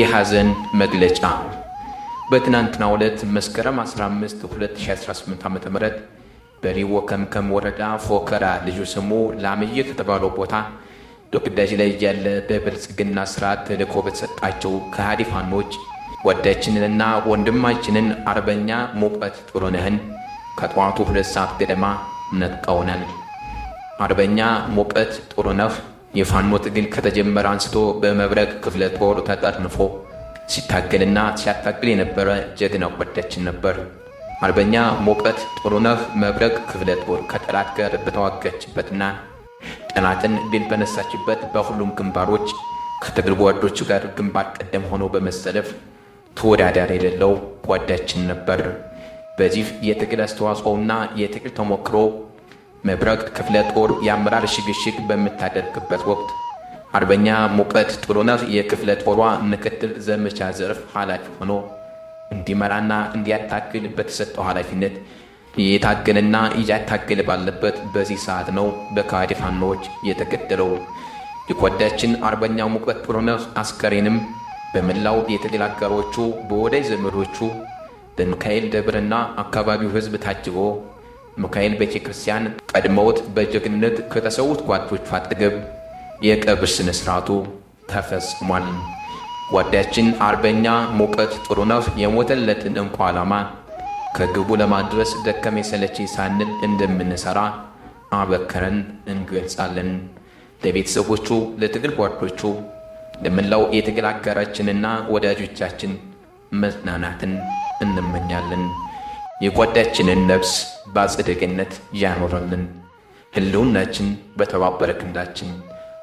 የሐዘን መግለጫ በትናንትናው ዕለት መስከረም 15 2018 ም በሪዎ ከምከም ወረዳ ፎከራ ልጁ ስሙ ላምየ ከተባለው ቦታ በግዳጅ ላይ እያለ በብልጽግና ስርዓት ተልዕኮ በተሰጣቸው ከሃዲ ፋኖች ወዳችንንና ወንድማችንን አርበኛ ሙቀት ጥሩነህን ከጠዋቱ ሁለት ሰዓት ገደማ ነጥቀውናል። አርበኛ ሙቀት ጥሩነህ የፋኖ ትግል ከተጀመረ አንስቶ በመብረቅ ክፍለ ጦር ተጠርንፎ ሲታገልና ሲያታግል የነበረ ጀግና ወዳችን ነበር። አርበኛ ሞቀት ጥሩነህ መብረቅ ክፍለ ጦር ከጠላት ጋር በተዋጋችበትና ጠላትን ድል በነሳችበት በሁሉም ግንባሮች ከትግል ጓዶቹ ጋር ግንባር ቀደም ሆኖ በመሰለፍ ተወዳዳሪ የሌለው ጓዳችን ነበር። በዚህ የትግል አስተዋጽኦና የትግል ተሞክሮ መብረቅ ክፍለ ጦር የአመራር ሽግሽግ በምታደርግበት ወቅት አርበኛ ሙቀት ጥሩነት የክፍለ ጦሯ ምክትል ዘመቻ ዘርፍ ኃላፊ ሆኖ እንዲመራና እንዲያታግል በተሰጠው ኃላፊነት እየታገለና እያታገለ ባለበት በዚህ ሰዓት ነው በካዲ ፋኖዎች የተገደለው። የቆዳችን አርበኛ ሙቀት ጥሩነት አስከሬንም በመላው የትግል አጋሮቹ በወዳጅ ዘመዶቹ በሚካኤል ደብርና አካባቢው ሕዝብ ታጅቦ ሚካኤል ቤተ ክርስቲያን ቀድመውት በጀግንነት ከተሰዉት ጓዶቹ አጠገብ የቀብር ስነ ሥርዓቱ ተፈጽሟል። ጓዳችን አርበኛ ሙቀት ጥሩነህ የሞተለትን እንኳ ዓላማ ከግቡ ለማድረስ ደከሜ ሰለቼ ሳንል እንደምንሰራ አበክረን እንገልጻለን። ለቤተሰቦቹ፣ ለትግል ጓዶቹ፣ ለመላው የትግል አጋራችንና ወዳጆቻችን መጽናናትን እንመኛለን። የጓዳችንን ነፍስ በአጸደ ገነት ያኖረልን። ህልውናችን በተባበረ ክንዳችን።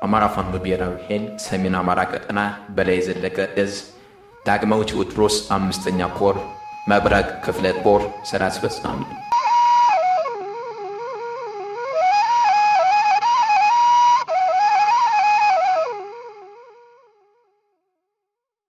አማራ ፋኖ ብሔራዊ ኃይል ሰሜን አማራ ቀጠና በላይ ዘለቀ እዝ ዳግማዊ ቴዎድሮስ አምስተኛ ኮር መብረቅ ክፍለ ጦር ስራ አስፈጻሚ